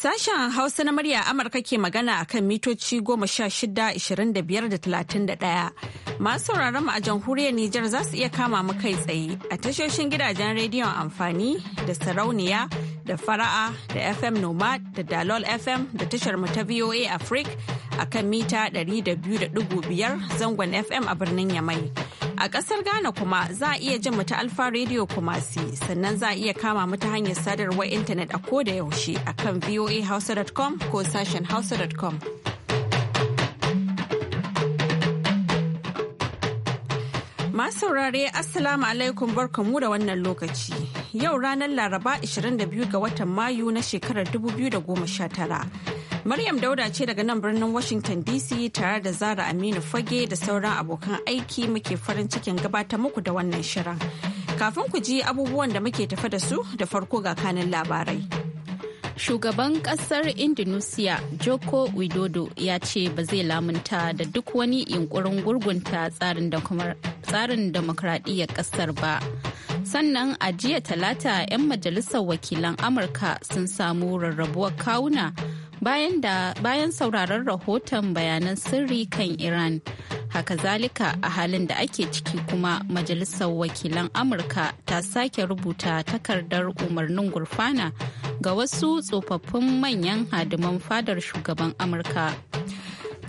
Sashen Hausa na murya Amurka ke magana a kan mitoci goma sha shida da biyar ɗaya. Masu sauraron mu a jamhuriyar Nijar za su iya kama mu kai tsaye a tashoshin gidajen rediyon amfani da sarauniya da fara'a da FM Nomad da Dalol FM da tashar mu ta VOA Africa a kan mita 200.5 zangon FM a birnin Yamai. A ƙasar Ghana kuma za a iya jin mu ta Alfa Radio Kumasi sannan za a iya kama mu ta hanyar sadarwar intanet a ko da yaushe a kan voahausa.com ko sashen hausa.com. Masu saurare Assalamu alaikum barkamu da wannan lokaci. yau ranar Laraba 22 ga watan Mayu na shekarar 2019. Maryam Dauda ce daga nan birnin Washington DC tare da Zara Aminu Fage da sauran abokan aiki muke farin cikin gabatar muku da wannan shirin. Kafin ku ji abubuwan da muke tafa da su da farko ga kanin labarai. shugaban kasar indonesia joko widodo ya ce ba zai lamunta da duk wani yunkurin gurgunta tsarin demokradiyyar kasar ba sannan a jiya talata 'yan majalisar wakilan amurka sun samu rarrabuwar kawuna bayan bayan sauraron rahoton bayanan sirri kan iran haka zalika a halin da ake ciki kuma majalisar wakilan amurka ta sake rubuta takardar umarnin gurfana ga wasu tsofaffin manyan hadiman fadar shugaban amurka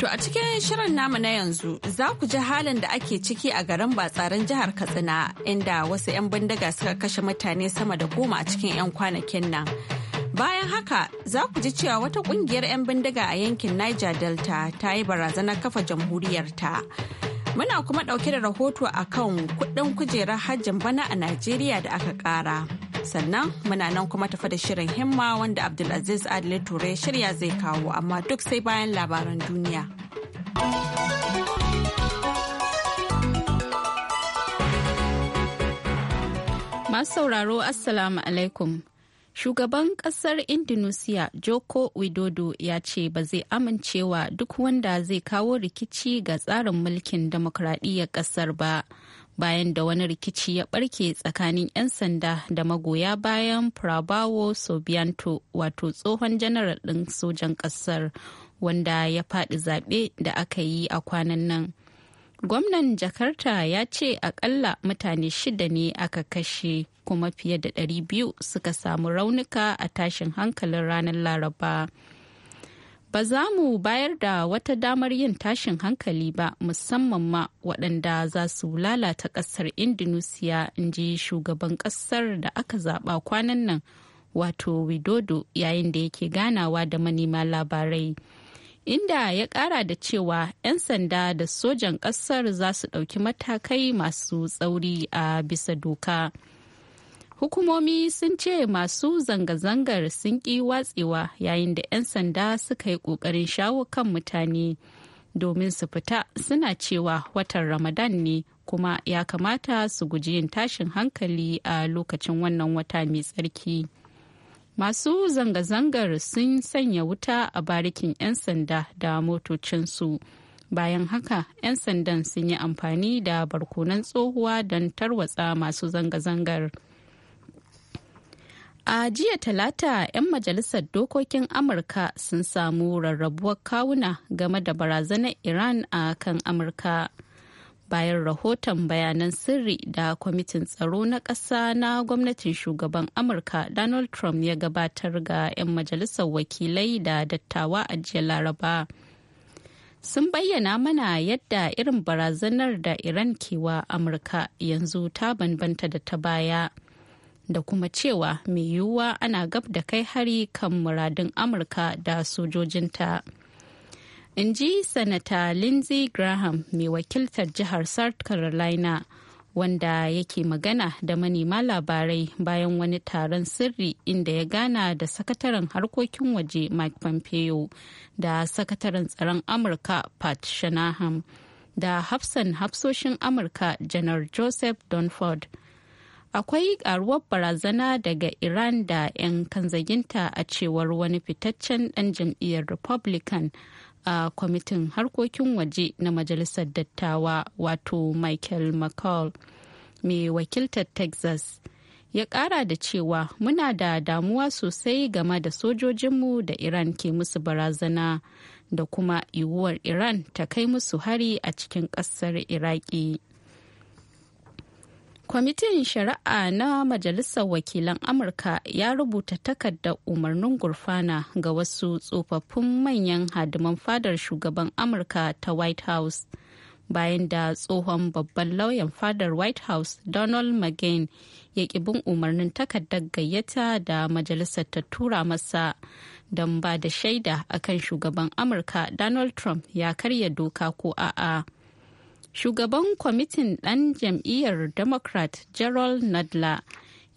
To a cikin shirin namu na yanzu za ku ji halin da ake ciki a garin batsarin jihar Katsina inda wasu 'yan bindiga suka kashe mutane sama da goma a cikin 'yan kwanakin nan. Bayan haka za ku ji cewa wata kungiyar 'yan bindiga a yankin Niger Delta ta yi barazanar kafa jamhuriyarta. Muna kuma ɗauke da rahoto a kan kuɗin kujerar hajjin bana a Najeriya da aka ƙara. sannan muna nan kuma tafa da shirin himma wanda abdulaziz adil ture shirya zai kawo amma duk sai bayan labaran duniya masu sauraro assalamu alaikum Shugaban ƙasar Indonesia Joko Widodo ya ce ba zai amincewa duk wanda zai kawo rikici ga tsarin mulkin demokradiyyar kasar ba. bayan da wani rikici ya barke tsakanin 'yan sanda da magoya bayan prabawo sobianto wato tsohon janaral ɗin sojan ƙasar wanda ya faɗi zaɓe da aka yi a kwanan nan gwamnan jakarta ya ce akalla mutane shida ne aka kashe kuma fiye da 200 suka samu raunuka a tashin hankalin ranar laraba. ba za mu bayar da wata damar yin tashin hankali ba musamman ma waɗanda za su lalata ƙasar indonesia in ji shugaban ƙasar da aka zaɓa kwanan nan wato widodo yayin da yake ganawa da manema labarai inda ya ƙara da cewa 'yan sanda da sojan ƙasar za su ɗauki matakai masu tsauri a bisa doka. Hukumomi sun ce masu zanga-zangar sun ƙi watsewa yayin da 'yan sanda suka yi ƙoƙarin shawo kan mutane domin su fita suna cewa watan Ramadan ne kuma ya kamata su guji yin tashin hankali a lokacin wannan wata mai tsarki. Masu zanga-zangar sun sanya wuta a barikin 'yan sanda da motocinsu. Bayan haka, 'yan sandan sun yi amfani da barkonan tsohuwa don tarwatsa masu zanga-zangar. A jiya talata 'yan majalisar dokokin Amurka sun samu rarrabuwar kawuna game da barazanar Iran a kan Amurka. Bayan rahoton bayanan sirri da kwamitin tsaro na ƙasa na gwamnatin shugaban Amurka Donald Trump ya gabatar ga 'yan majalisar wakilai da dattawa a jiya Laraba. Sun bayyana mana yadda irin barazanar da Iran ke wa Amurka yanzu ta bambanta da ta baya. da kuma cewa mai yiwuwa ana gab da kai hari kan muradun amurka da sojojinta in ji sanata lindsey graham mai wakiltar jihar south carolina wanda yake magana da manema labarai bayan wani taron sirri inda ya gana da sakataren harkokin waje mike pompeo da sakataren tsaron amurka pat shanahan da hafsan hafsoshin amurka janar joseph donford akwai karuwar barazana daga iran da 'yan kanzaginta a cewar wani fitaccen dan jam'iyyar republican a kwamitin harkokin waje na majalisar dattawa wato michael mccall mai wakiltar texas ya kara da cewa muna da damuwa sosai game da sojojinmu da iran ke musu barazana da kuma yiwuwar iran ta kai musu hari a cikin kasar iraki kwamitin shari'a na majalisar wakilan amurka ya rubuta takardar umarnin gurfana ga wasu tsofaffin manyan hadiman fadar shugaban amurka ta white house bayan da tsohon babban lauyan fadar white house donald mcgain ya bin umarnin takardar gayyata da majalisar ta tura masa don ba da shaida akan shugaban amurka donald trump ya karya doka ko a'a. Shugaban kwamitin ɗan jam'iyyar Democrat Gerald Nadler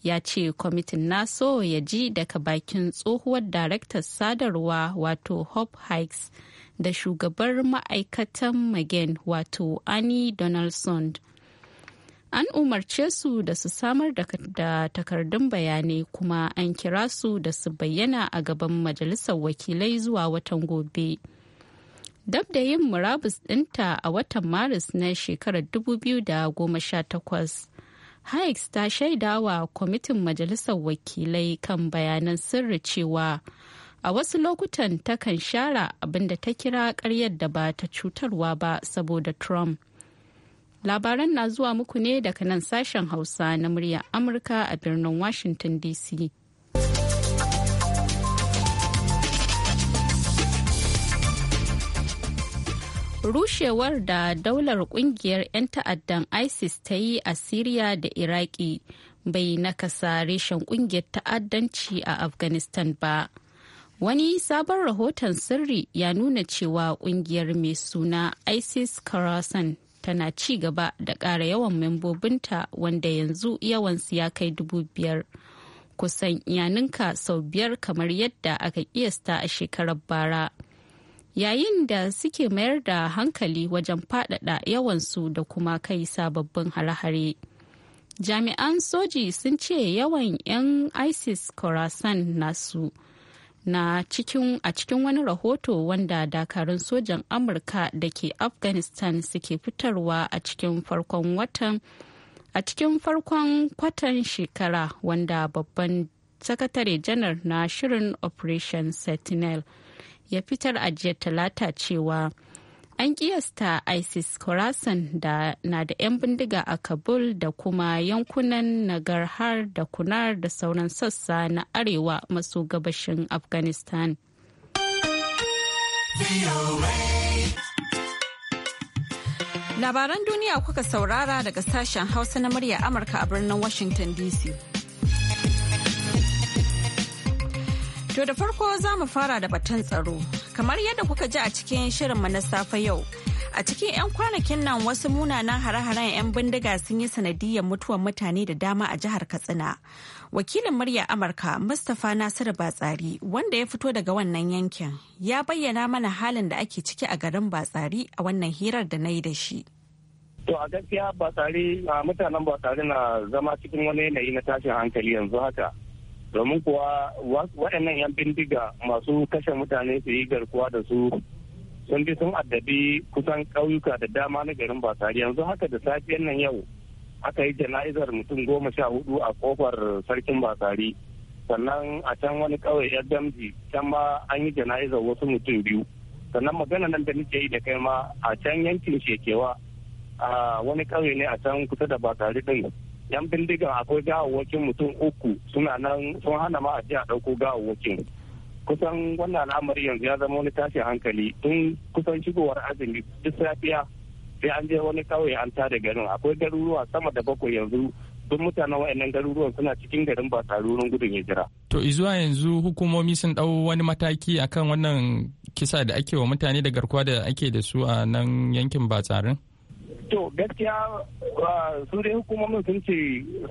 ya ce kwamitin naso ya ji daga bakin tsohuwar daraktar sadarwa wato Hope Hikes da shugabar ma'aikatan Magen wato Annie Donaldson. An umarce su da su samar da takardun bayanai kuma an kira su da su bayyana a gaban majalisar wakilai zuwa watan gobe. dab da yin murabus ɗinta a watan maris na shekarar 2018 hayek ta shaidawa kwamitin majalisar wakilai kan bayanan sirri cewa a wasu lokutan takan share shara abinda ta kira karyar da ba ta cutarwa ba saboda trump labaran na zuwa muku ne daga nan sashen hausa na murya amurka a birnin washington dc rushewar da daular kungiyar 'yan ta'addan isis ta yi a syria da iraki bai nakasa reshen kungiyar ta'addanci a afghanistan ba wani sabon rahoton sirri ya nuna cewa kungiyar mai suna isis karasan tana ci gaba da ƙara yawan membobinta wanda yanzu yawansu ya kai dubu biyar kusan iyaninka sau biyar kamar yadda aka kiyasta a shekarar bara. yayin da suke mayar da hankali wajen faɗaɗa yawansu da kuma kai sababbin hare-hare. Jami'an soji sun ce yawan 'yan ISIS Khorasan nasu na cikin a cikin wani rahoto wanda dakarun sojan Amurka da ke Afghanistan suke fitarwa a cikin farkon watan a cikin farkon kwatan shekara wanda babban sakatare janar na shirin Operation Sentinel. ya fitar ajiye talata cewa an kiyasta isis khorasan da na da 'yan bindiga a kabul da kuma yankunan nagarhar da kunar da sauran sassa na arewa maso gabashin afghanistan labaran duniya kuka saurara daga sashen hausa na murya amurka a birnin washington dc To da farko za mu fara da batun tsaro. Kamar yadda kuka ji a cikin shirin mu na safe yau, a cikin 'yan kwanakin nan wasu munanan hare-haren 'yan bindiga sun yi sanadiyar mutuwar mutane da dama a jihar Katsina. Wakilin murya Amurka Mustapha Nasiru Batsari wanda ya fito daga wannan yankin ya bayyana mana halin da ake ciki a garin Batsari a wannan hirar da na yi da shi. To a gaskiya Batsari mutanen Batsari na zama cikin wani yanayi na tashin hankali yanzu haka. domin kuwa waɗannan 'yan bindiga masu kashe mutane su yi garkuwa da su sun bi sun addabi kusan ƙauyuka da dama na garin basari yanzu haka da safiyan nan yau aka yi jana'izar mutum goma sha hudu a kofar sarkin basari sannan a can wani ƙauye ya damji can ma an yi jana'izar wasu mutum biyu sannan magana nan da nake yi da kai ma a can yankin shekewa a wani ƙauye ne a can kusa da basari ɗin yan bindigan akwai gawawwakin mutum uku suna nan sun hana ma a ji a ɗauko kusan wannan al'amari yanzu ya zama wani tashin hankali tun kusan shigowar azumi duk safiya sai an je wani kauye an tada garin akwai garuruwa sama da bakwai yanzu duk mutanen wa'annan garuruwan suna cikin garin ba wurin gudun hijira. To izuwa yanzu hukumomi sun ɗau wani mataki akan wannan kisa da ake wa mutane da garkuwa da ake da su a nan yankin ba tsarin? to gaskiya su dai hukumomin sun ce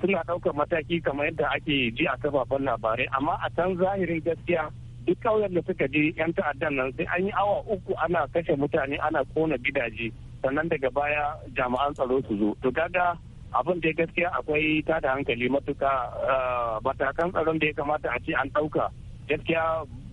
suna ɗaukar mataki kamar yadda ake ji a kafafen labarai amma a can zahirin gaskiya duk kauyen da suka je 'yan ta'addan nan sai an yi awa uku ana kashe mutane ana kona gidaje sannan daga baya jami'an tsaro su zo to kaga abin da gaskiya akwai tada hankali matuka ah, matakan tsaron da ya kamata a ce an ɗauka gaskiya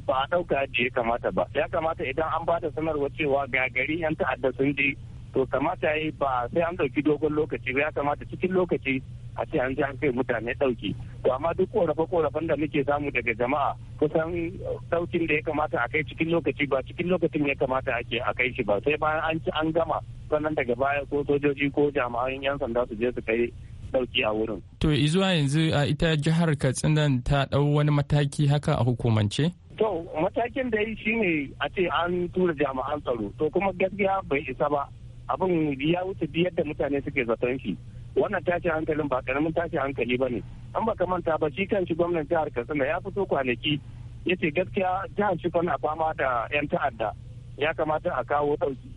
ba a ɗauka ji ya kamata ba ya kamata idan an ba da sanarwa cewa ga gari 'yan ta'adda sun je to kamata ya yi ba sai an dauki dogon lokaci ba ya kamata cikin lokaci a ce an ji an kai mutane dauki to amma duk korafe korafen da muke samu daga jama'a kusan daukin da ya kamata a kai cikin lokaci ba cikin lokacin ya kamata ake a kai shi ba sai bayan an ci an gama sannan daga baya ko sojoji ko jami'an yan sanda su je su kai dauki a wurin to izuwa yanzu a ita jihar Katsina ta dau wani mataki haka a hukumance to matakin da ya yi shine a ce an tura jami'an tsaro to kuma gaskiya bai isa ba abin ya wuce biyar da mutane suke zaton shi wannan tashi hankalin ba karamin tashi hankali ba ne an baka manta ba shi kan shi gwamnan jihar katsina ya fito kwanaki ya ce gaskiya jihar shi a fama da yan ta'adda ya kamata a kawo ɗauki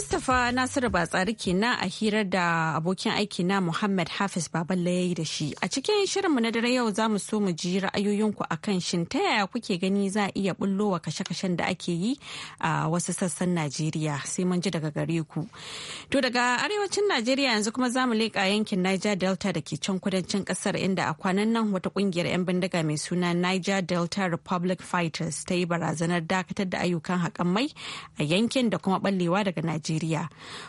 Mustapha Nasiru Batsari kenan a hirar da abokin aiki na Muhammad Hafiz Baballe ya yi da shi. A cikin shirinmu na dare yau za mu so mu ji ra'ayoyinku a kan shin ta yaya kuke gani za a iya bullo wa kashe-kashen da ake yi a wasu sassan Najeriya sai mun ji daga gare ku. To daga arewacin Najeriya yanzu kuma za mu leƙa yankin Niger Delta da ke can kudancin ƙasar inda a kwanan nan wata ƙungiyar 'yan bindiga mai suna Niger Delta Republic Fighters ta yi barazanar dakatar da ayyukan haƙan mai a yankin da kuma ɓallewa daga Najeriya. Najeriya.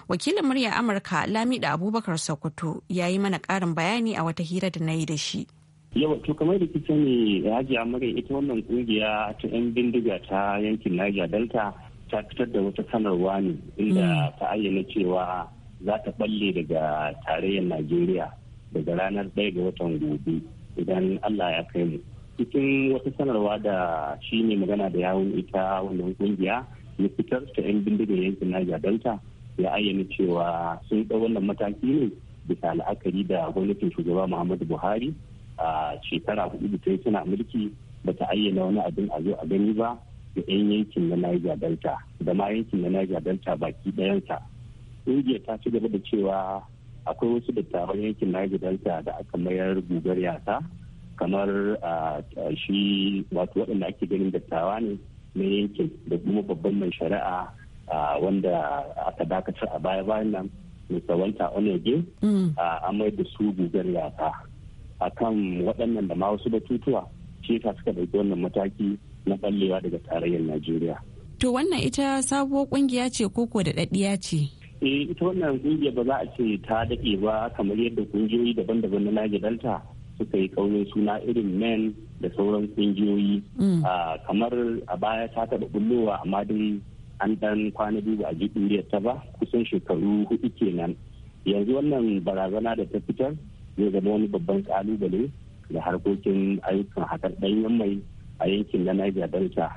Wakilin murya Amurka Lamida Abubakar Sokoto ya yi mana ƙarin bayani a wata hira da na yi da shi. yawa to kamar da ne haji amurka ita wannan kungiya ta yan bindiga ta yankin niger delta ta fitar da wata sanarwa ne inda mm. ta ayyana cewa za ta balle daga tarayyar najeriya daga ranar ɗaya ga watan gobe idan allah ya kai mu cikin wata sanarwa da shi ne magana da yawun ita wannan kungiya ya fitar ta 'yan bindigar yankin Niger Delta ya ayyana cewa sun ɗau wannan mataki ne bisa la'akari da gwamnatin shugaba Muhammadu Buhari a shekara hudu da ta suna mulki ba ta ayyana wani abin a zo a gani ba da 'yan yankin na Niger Delta da ma yankin na Niger Delta baki ɗayansa. Ƙungiyar ta ci gaba da cewa akwai wasu dattawan yankin Niger Delta da aka mayar gugar yasa kamar shi wato waɗanda ake ganin dattawa ne na yankin da kuma babban mai shari'a wanda aka dakatar a baya bayan nan mr walter onege mm. a amai da su gugar yasa a kan waɗannan da ma wasu batutuwa shi ta suka ɗauki wannan mataki na ɓallewa daga tarayyar najeriya to wannan ita sabuwar ƙungiya ce koko da ɗaɗɗiya ce eh ita wannan ƙungiyar ba za a ce ta daɗe ba kamar yadda ƙungiyoyi daban-daban na delta suka yi kaunin suna irin men da sauran kungiyoyi mm. ah, kamar a baya ta taɓa bullowa amma dun an dan kwana biyu ba a ji ta ba kusan shekaru hudu kenan yanzu wannan barazana da ta fitar zai zama wani babban kalubale da harkokin ayyukan hakan ɗanyen mai a yankin na niger delta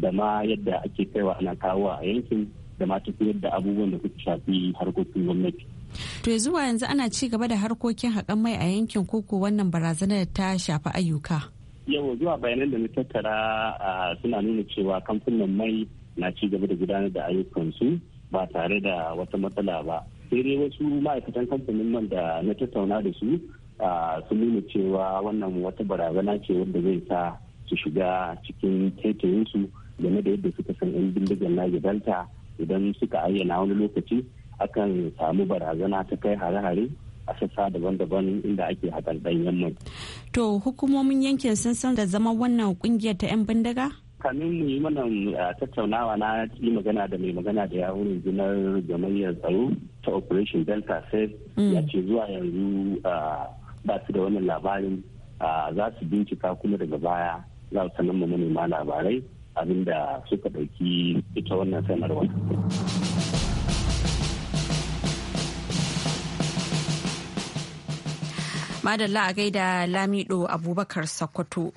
da ma yadda ake kaiwa ana kawo a yankin da ma tafiyar yadda abubuwan da suka shafi harkokin gwamnati To zuwa yanzu ana ci gaba da harkokin haƙan mai a yankin koko wannan barazanar ta shafi ayyuka. yau zuwa bayanan da na tattara suna nuna cewa kamfanin mai na ci gaba da gudanar da ayyukansu ba tare da wata matsala ba. Sai dai wasu ma'aikatan kamfanin man da na tattauna da su sun nuna cewa wannan wata barazana ce wanda zai sa su shiga cikin taitayinsu game da yadda suka san 'yan bindigan na gidanta idan suka ayyana wani lokaci akan samu barazana ta kai hare-hare a sassa daban-daban inda ake hakan ɗanyen mai. To hukumomin yankin sun san da zama wannan kungiyar ta 'yan bindiga? kamin mu yi mana tattaunawa na yi magana da mai magana da yawon rundunar jama'iyyar tsaro ta operation delta safe mm. ya ce zuwa yanzu ba su da wannan labarin za su bincika kuma daga baya za su sanar manema labarai abinda suka ɗauki ita wannan sanarwa. Madalla a gaida Lamido Abubakar Sokoto.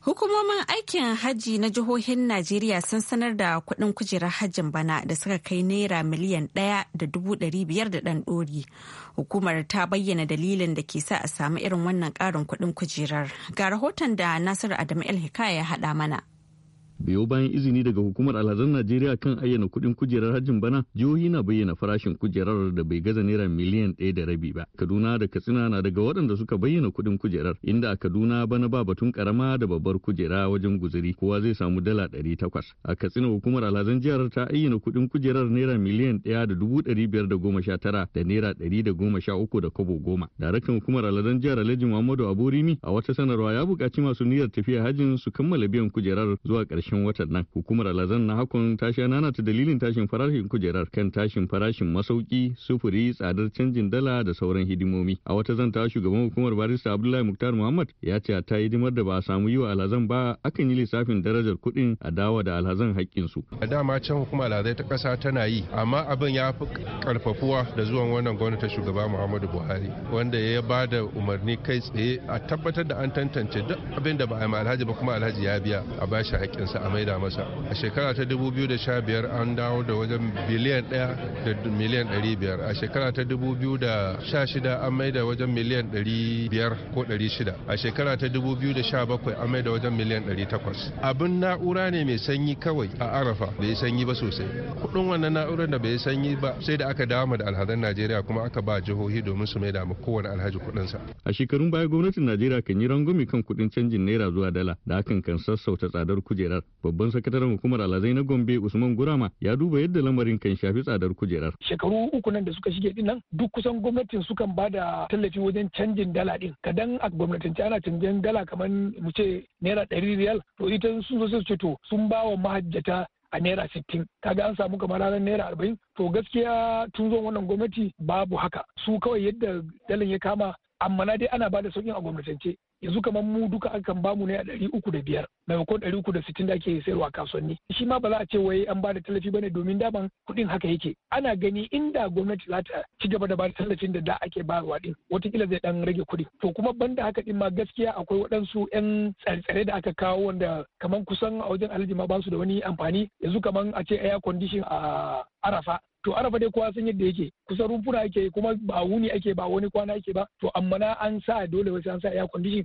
Hukumomin aikin hajji na jihohin Najeriya sun sanar da kuɗin kujerar hajjin bana da suka kai naira miliyan ɗaya da dubu ɗari biyar da ɗan ɗori. Hukumar ta bayyana dalilin da ke sa a samu irin wannan ƙarin kuɗin kujerar. Ga rahoton da Nasiru Adamu El Hikaya ya haɗa mana. biyo bayan izini daga hukumar alhazan najeriya kan ayyana kuɗin kujerar hajjin bana jihohi na bayyana farashin kujerar da bai gaza naira miliyan ɗaya da rabi ba kaduna da katsina na daga waɗanda suka bayyana kuɗin kujerar inda a kaduna bana ba batun karama da babbar kujera wajen guzuri kowa zai samu dala ɗari takwas a katsina hukumar alhazan jihar ta ayyana kuɗin kujerar naira miliyan ɗaya da dubu ɗari biyar da goma sha tara da naira ɗari da goma sha uku da kobo goma daraktan hukumar alhazan jihar alhaji muhammadu aborimi a wata sanarwa ya buƙaci masu niyyar tafiya hajjin su kammala biyan kujerar zuwa ƙarshen ƙarshen watan nan hukumar alazan na hakon ta sha nana ta dalilin tashin farashin kujerar kan tashin farashin masauki sufuri tsadar canjin dala da sauran hidimomi a wata zanta shugaban hukumar barista abdullahi muktar muhammad ya ce ta hidimar da ba a samu yi wa alhazan ba akan yi lissafin darajar kuɗin a dawa da alhazan su. a dama can hukumar alhazai ta ƙasa tana yi amma abin ya fi ƙarfafuwa da zuwan wannan gwamnati shugaba muhammadu buhari wanda ya ba da umarni kai tsaye a tabbatar da an tantance duk abin da ba a yi alhaji ba kuma alhaji ya biya a bashi haƙƙinsa kamata a maida masa a shekara ta 2015 an dawo da wajen biliyan 1 da miliyan 500 a shekara ta 2016 an maida wajen miliyan 500 ko 600 a shekara ta 2017 an maida wajen miliyan 800 abin na'ura ne mai sanyi kawai a arafa bai sanyi ba sosai kudin wannan na'urar da bai sanyi ba sai da aka dawo da alhazan najeriya kuma aka ba jihohi domin su maida mu kowane alhaji kudinsa a shekarun baya gwamnatin najeriya kan yi rangwame kan kudin canjin naira zuwa dala da hakan kan sassauta tsadar kujerar babban sakataren hukumar alazai na gombe usman gurama ya duba yadda lamarin kan shafi tsadar kujerar shekaru uku nan da suka shige din nan duk kusan gwamnatin sukan ba da tallafi wajen canjin dala din kadan a gwamnatance ana canjin dala kamar mu ce naira ɗari riyal to ita sun zo sai su ce to sun ba wa mahajjata a naira sittin kaga an samu kamar ranar naira arba'in to gaskiya tun zuwan wannan gwamnati babu haka su kawai yadda dalin ya kama amma na dai ana ba da sauƙin a gwamnatance yanzu kamar mu duka akan bamu ne a ɗari uku da biyar maimakon ɗari uku da sittin da ake sayarwa kasuwanni shi ma ba za a ce wai an ba da tallafi bane domin daman kuɗin haka yake ana gani inda gwamnati za ta ci gaba da ba tallafin da da ake bayarwa din watakila zai dan rage kuɗi to kuma banda haka din ma gaskiya akwai waɗansu yan tsare-tsare da aka kawo wanda kamar kusan a wajen alhaji ma ba da wani amfani yanzu kamar a ce air condition a arafa to arafa dai kowa san yadda yake kusan rumfuna ake kuma ba wuni ake ba wani kwana ake ba to amma na an sa dole wasu an sa air condition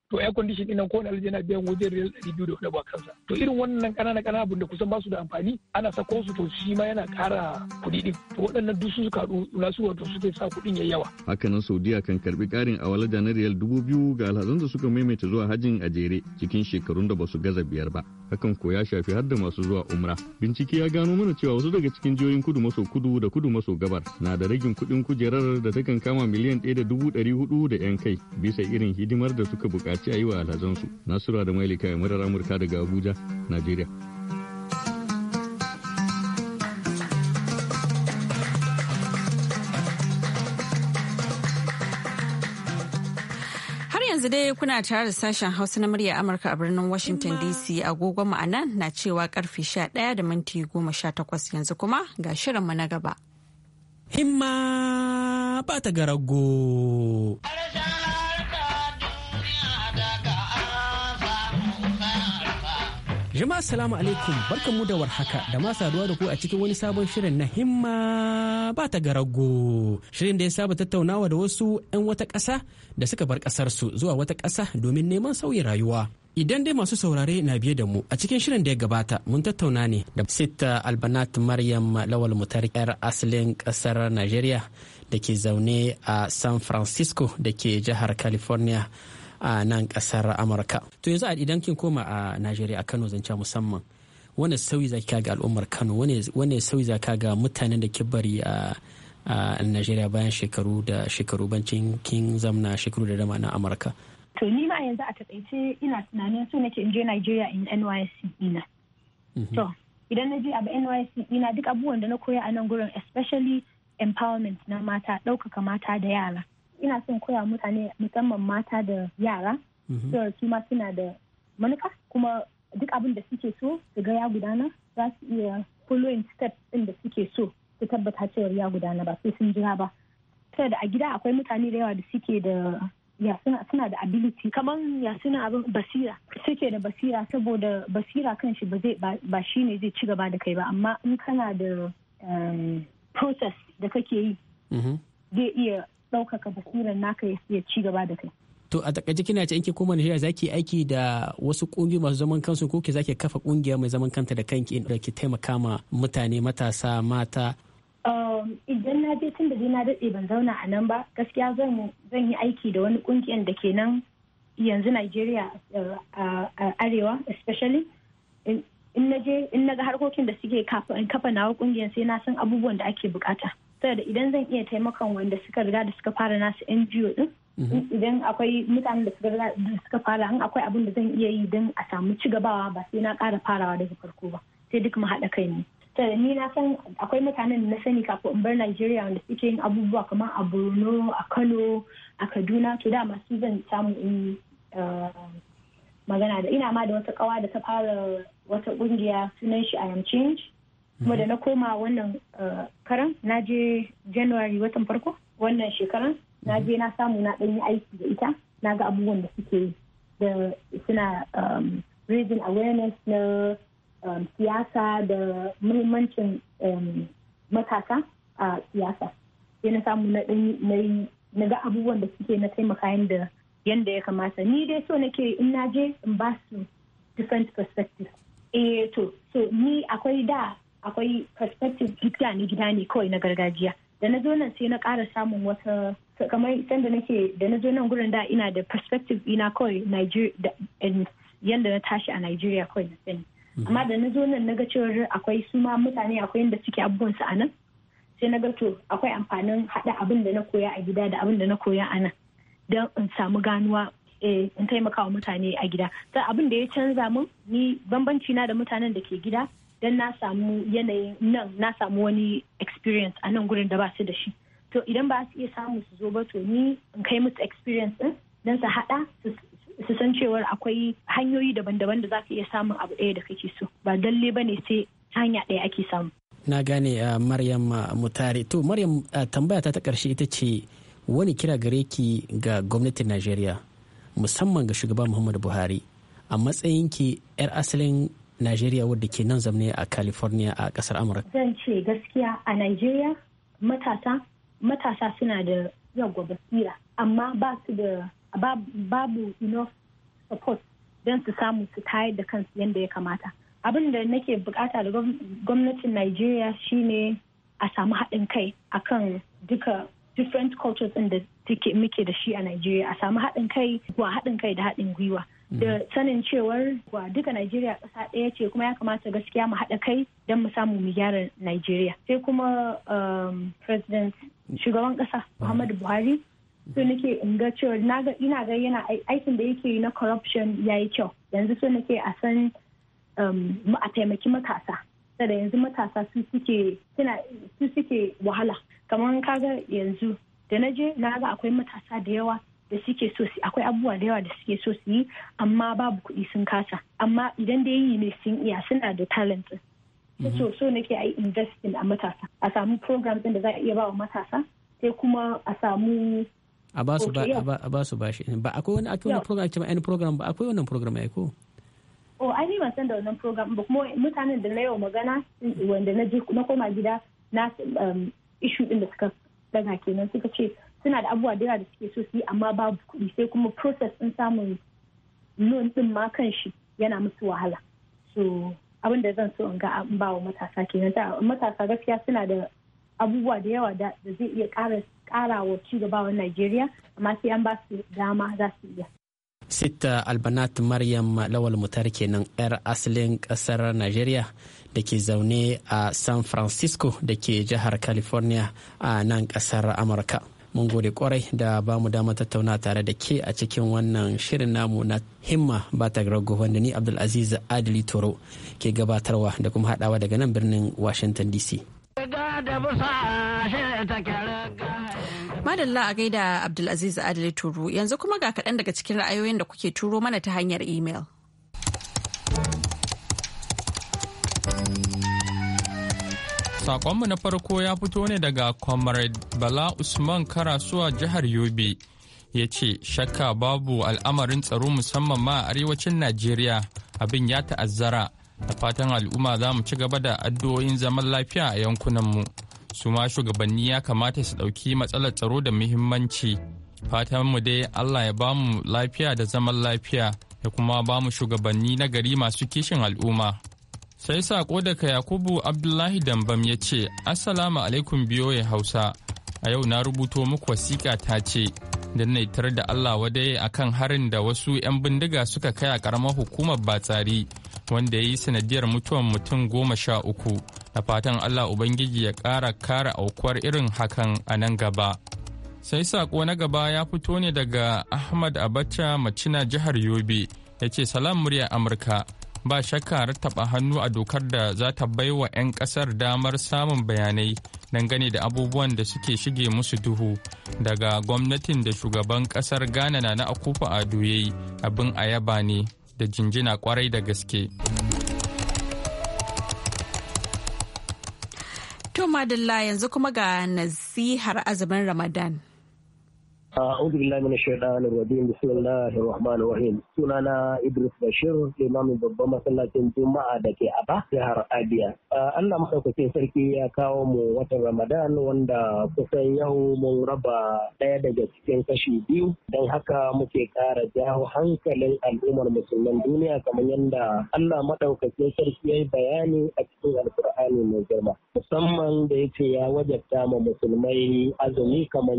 to air condition ɗin ko na yana biyan wajen riyal ɗari biyu da hudu a kansa to irin wannan ƙanana ƙanana abin da kusan ba da amfani ana sako su to shi ma yana ƙara kuɗi ɗin to waɗannan duk su suka na su wato suke sa kuɗin ya yawa. hakanan saudiya kan karbi ƙarin awalaja na riyal dubu biyu ga alhazan da suka maimaita zuwa hajjin a jere cikin shekarun da ba su gaza biyar ba hakan ko ya shafi har da masu zuwa umra bincike ya gano mana cewa wasu daga cikin jihohin kudu maso kudu da kudu maso gabar na da ragin kuɗin kujerar da takan kama miliyan ɗaya da dubu ɗari hudu da 'yan kai bisa irin hidimar da suka buƙata ce a yi wa alhazansu nasura da mailika ya murar amurka daga abuja najeriya yanzu dai kuna tare da sashen hausa na murya amurka a birnin washington dc agogon ma'ana na cewa karfe sha 11 da minti goma sha-takwas yanzu kuma ga shirinmu na gaba himma ba ta garago Jama'a salamu alaikum mu da warhaka da ma saduwa da ku a cikin wani sabon shirin na himma ba ta garago. Shirin da ya saba tattaunawa da wasu 'yan wata ƙasa da suka bar ƙasar su zuwa wata ƙasa domin neman sauyin rayuwa. Idan dai masu saurare na biye da mu a cikin shirin da ya gabata mun tattauna ne da Sita Albanat Maryam Lawal Mutar 'yar asalin ƙasar Najeriya da ke zaune a San Francisco da ke jihar California. a nan kasar amurka to yanzu idan kin koma a najeriya a kano zance musamman wani sauyi za ka ga al'ummar kano wani sauyi za ka ga mutanen da ke bari a najeriya bayan shekaru da shekaru bancin kin zamna shekaru da dama na amurka to ni ma yanzu a takaice ina tunanin su nake in je najeriya in nysc ina mhm. to idan na je a nysc ina duk abubuwan da na koya a nan gurin especially empowerment na mata ɗaukaka mata da yara ina son koya mutane musamman mata da yara cewa mhm. su ma suna da manufa kuma duk abin da suke so su ga ya gudana za su iya following step ɗin da suke so su tabbata cewa ya gudana ba sai sun jira ba da a gida akwai mutane da yawa da suke da ya suna da ability kamar ya suna abin basira suke da basira saboda basira kan shi ba shi ne zai ci gaba da kai ba amma in kana da um, process da kake yi mhm. zai iya ɗaukaka basirar naka ya ci gaba da kai. To a takaice kina ce in ki koma Najeriya zaki aiki da wasu kungiyoyi masu zaman kansu ko ki zaki kafa kungiya mai zaman kanta da kanki da ki taimaka ma mutane matasa mata. Um, idan na je tun da na daɗe ban zauna a nan ba gaskiya zan yi aiki da wani kungiyan da ke nan yanzu Najeriya uh, a arewa especially in na je in na ga harkokin da suke kafa nawa kungiyan sai na san abubuwan da ake bukata. saboda idan zan iya taimakon wanda suka riga da suka fara nasu NGO din mm-hmm. idan akwai mutanen da suka fara in akwai abin da zan iya yi don a samu ci cigabawa ba sai na kara farawa daga farko ba sai duk mu haɗa kai ne saboda ni na san akwai mutanen na sani kafin in bar Najeriya wanda suke yin abubuwa kamar a Borno a Kano a Kaduna to da masu zan samu in eh, magana da ina ma da wata kawa da ta fara wata kungiya sunan shi I am change kuma da mhm. na koma wannan eh, karan na je january watan farko wannan shekaran na je na samu na ɗan aiki da ita na ga abubuwan da suke da suna um, raising awareness na um, siyasa da muhimmancin um, matasa a siyasa sai na samu na ɗan na ga abubuwan da suke na taimaka yadda yadda ya kamata ni dai so nake in na je in ba su different perspective eh to so ni akwai da akwai perspective gida ne gida ne kawai na gargajiya da na zo nan sai na ƙara samun wata kamar sanda nake da na zo nan gurin da ina da perspective ina kawai yanda na tashi a Nigeria kawai na sani mhm. amma da na zo nan na ga cewar akwai su ma mutane akwai yanda suke abubuwan su a nan sai na ga to akwai amfanin haɗa abin da na koya a gida da abin da na koya a nan don in samu ganuwa eh, in taimaka wa mutane a gida Sai abin da ya canza min ni bambanci na da mutanen da ke gida don na samu yanayin nan na samu wani experience a nan gurin da ba su da shi to idan ba su iya samu su zo ba to ni in kai musu experience din don su haɗa su san cewar akwai hanyoyi daban-daban da za ka iya samun abu ɗaya da kake so ba dalle ba ne sai hanya ɗaya ake samu na gane a uh, maryam uh, mutare to maryam uh, tambaya ta ta ƙarshe ita ce wani kira gare ki ga gwamnatin najeriya musamman ga Shugaba muhammadu buhari a matsayin ki 'yar asalin Najeriya wadda ke nan zamne a California a kasar Amurka? Zan ce gaskiya a Najeriya matasa matasa suna da yagwa basira amma ba su da babu enough support don su samu su tayar da kansu yadda ya kamata. Abin da nake bukata da gwamnatin Najeriya shine a samu haɗin kai akan duka different cultures inda da muke da shi a Najeriya a samu haɗin kai ko haɗin kai da haɗin gwiwa. da mm-hmm. sanin cewar wa duka Najeriya ƙasa ɗaya ce kuma ya kamata gaskiya mu haɗa kai don mu samu mu gyara Najeriya. Sai kuma um, President shugaban ƙasa ah. Muhammadu Buhari so mm-hmm. nake in ga cewa ina ga yana aikin da yake na corruption ya yi kyau yanzu so nake a san um, a taimaki matasa da yanzu matasa su suke su suke wahala kamar kaga yanzu da na je na ga akwai matasa da yawa da suke so su akwai abubuwa da yawa da suke so su yi amma babu kuɗi sun kasa amma idan da yi ne sun iya suna da talent mhm. so so nake ai investing a matasa a samu program ɗin da za a iya ba wa matasa sai kuma a samu a ba su ba a ba su bashi ba akwai wani akwai wani program kuma any program ba akwai wannan program ai ko o oh, ai ni ban san da wannan program ba kuma mutanen da na yau magana wanda na je na koma gida na um, issue din da suka daga kenan suka ce suna da abubuwa da yawa da suke so su yi amma babu kuɗi sai kuma process ɗin samun loan ɗin ma kan shi yana musu wahala so abin da zan so in ga an ba wa matasa kenan da matasa gaskiya suna da abubuwa da yawa da zai iya ƙara wa cigabawan Najeriya amma sai an ba su dama za su iya. Sita Albanat Maryam Lawal Mutar kenan 'yar asalin ƙasar Najeriya da ke zaune a San Francisco da ke jihar California a nan ƙasar Amurka. mun gode kwarai da ba mu dama tattauna tare da ke a cikin wannan shirin namu na himma ba ta rago wanda ni abdulaziz adili toro ke gabatarwa da kuma hadawa daga nan birnin washington dc Madalla a gaida Abdulaziz Adali Turu yanzu kuma ga kaɗan daga cikin ra'ayoyin da kuke turo mana ta hanyar imel. Sakonmu na farko ya fito ne daga Comrade Bala Usman Karasuwa jihar Yobe. Ya ce, shakka babu al'amarin tsaro musamman ma a arewacin Najeriya abin ya ta'azzara. Da fatan al'umma za mu ci gaba da addu'o'in zaman lafiya a yankunanmu. Su ma shugabanni ya kamata su ɗauki matsalar tsaro da muhimmanci. Fatanmu dai Allah ya bamu lafiya da zaman lafiya da kuma bamu shugabanni na gari masu kishin al'umma. sai sako daga yakubu abdullahi dambam ya ce assalamu alaikum biyo ya hausa a yau na rubuto muku wasiƙa ta ce da naitar da allah wadai akan harin da wasu 'yan bindiga suka kai a ƙaramar hukumar batsari wanda ya yi sanadiyar mutuwan mutum goma sha uku na fatan allah ubangiji ya ƙara kara aukuwar irin hakan a nan gaba sai sako na gaba ya fito ne daga ahmad abacha macina jihar yobe ya ce salam murya amurka ba shakka taɓa hannu a dokar da za ta baiwa 'yan kasar damar samun bayanai dangane da abubuwan da suke shige musu duhu daga gwamnatin da shugaban kasar ghana na na akufa a yayi abin ayaba ne da jinjina kwarai da gaske to madalla yanzu kuma ga nasihar azumin ramadan أعوذ بالله من الشيطان الرجيم بسم الله الرحمن الرحيم sunana Idris Bashir imamin babban masallacin Juma'a da ke Aba jihar Abia Allah madaukakin sarki ya kawo mu watan Ramadan wanda kusan yau mun raba ɗaya daga cikin kashi biyu don haka muke ƙara jawo hankalin al'ummar musulman duniya kamar yadda Allah madaukakin sarki ya bayani a cikin Alkur'ani mai girma musamman da yace ya wajabta ma musulmai azumi kamar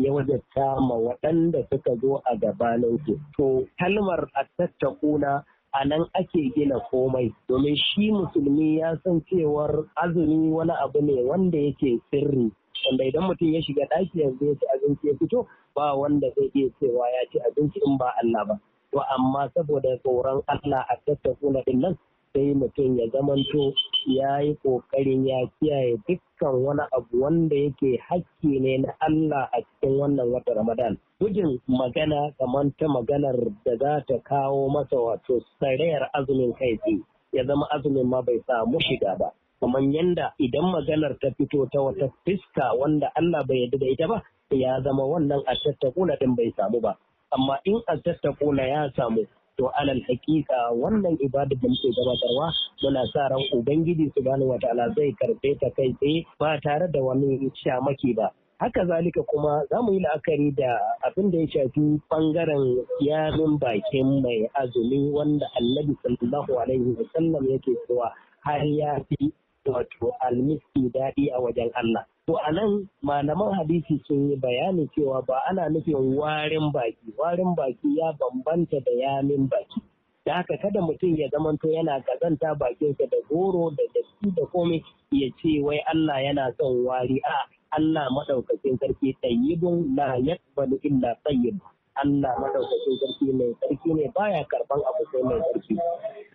ya kama waɗanda suka zo a gabaninku. To kalmar attattakuna a nan ake gina komai domin shi musulmi ya san cewar azumi wani abu ne wanda yake sirri wanda idan mutum ya shiga ɗaki yanzu ya ci abinci ya fito ba wanda zai iya cewa ya ci abinci in ba Allah ba. To amma saboda tsoron Allah a tattaku ɗin nan sai mutum ya zamanto ya yi ƙoƙarin ya kiyaye dukkan wani abu wanda yake hakki ne na Allah a cikin wannan wata Ramadan. Gujin magana kamar ta maganar da za ta kawo masa wato sarayar azumin kai ya zama azumin ma bai samu shiga ba. Kamar yanda idan maganar ta fito ta wata fiska wanda Allah bai yarda da ita ba, ya zama wannan a tattakuna ɗin bai samu ba. Amma in a tattakuna ya samu, to alal hakika wannan ibada da muke gabatarwa muna sa ran ubangiji subhanahu wataala zai karbe ta kai tsaye ba tare da wani shamaki ba haka zalika kuma za mu yi la'akari da abin da ya shafi bangaren yarin bakin mai azumi wanda annabi sallallahu alaihi wa Sallam yake cewa har ya fi wato almiski daɗi a wajen Allah To a nan malaman hadisi sun yi bayani cewa ba ana nufin warin baki, warin baki ya bambanta da yamin baki. Da haka kada mutum ya zamanto yana kazanta bakinsa da goro da datti da komai ya ce wai Allah yana son wari a Allah maɗaukacin sarki tayyibun la yaqbalu illa tayyib. Allah maɗaukacin sarki mai sarki ne baya karban abu sai mai sarki.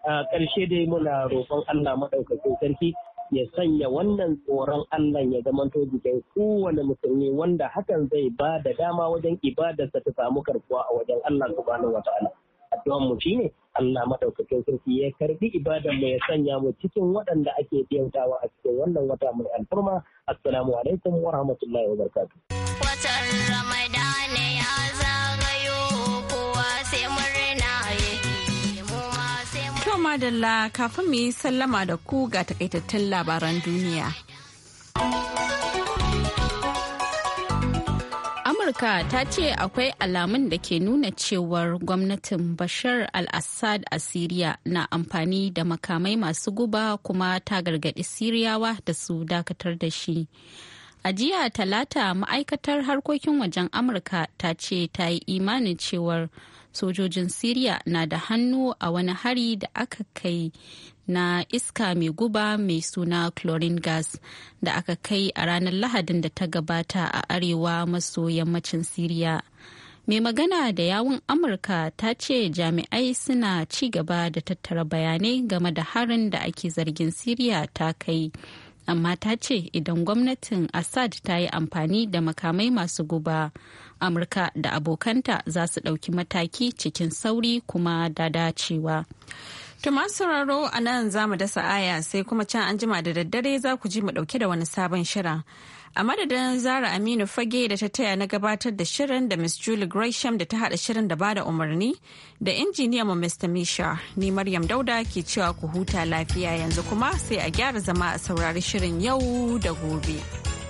a ƙarshe dai muna roƙon Allah maɗaukacin sarki ya sanya wannan tsoron Allah ya zamanto jikin kowane musulmi wanda hakan zai ba da dama wajen ibadarsa ta samu karbuwa a wajen Allah subhanahu wataala addu'an mu shine Allah madaukakin sarki ya karbi ibadan mu ya sanya mu cikin waɗanda ake biyantawa a cikin wannan wata mai alfurma assalamu alaikum wa rahmatullahi wa barakatuh madalla kafin mu yi sallama da ku ga takaitattun labaran duniya. Amurka ta ce akwai alamun da ke nuna cewar gwamnatin Bashar al-Assad a Siriya na amfani da makamai masu guba kuma ta gargaɗi Siriyawa da su dakatar da shi. A jiya talata ma'aikatar harkokin wajen Amurka ta ce ta yi imanin cewar sojojin Siriya na da hannu a wani hari da aka kai na iska mai guba mai suna chlorine gas da aka kai a ranar lahadin da ta gabata a arewa maso yammacin Siriya. mai magana da yawun amurka ta ce jami'ai suna ci gaba da tattara bayanai game da harin da ake zargin siriya ta kai amma ta ce idan gwamnatin assad ta yi amfani da makamai masu guba amurka da abokanta za su ɗauki mataki cikin sauri kuma da dacewa masu sauraro a nan za mu dasa aya sai kuma can anjima da daddare za ku ji mu ɗauke da wani sabon shirin. A madadin Zara Aminu Fage da ta taya na gabatar da shirin da Miss Julie Gresham da ta hada shirin da bada umarni da injiniya mu Mr. Misha ni Maryam Dauda ke cewa ku huta lafiya yanzu kuma sai a gyara zama a saurari shirin yau da gobe.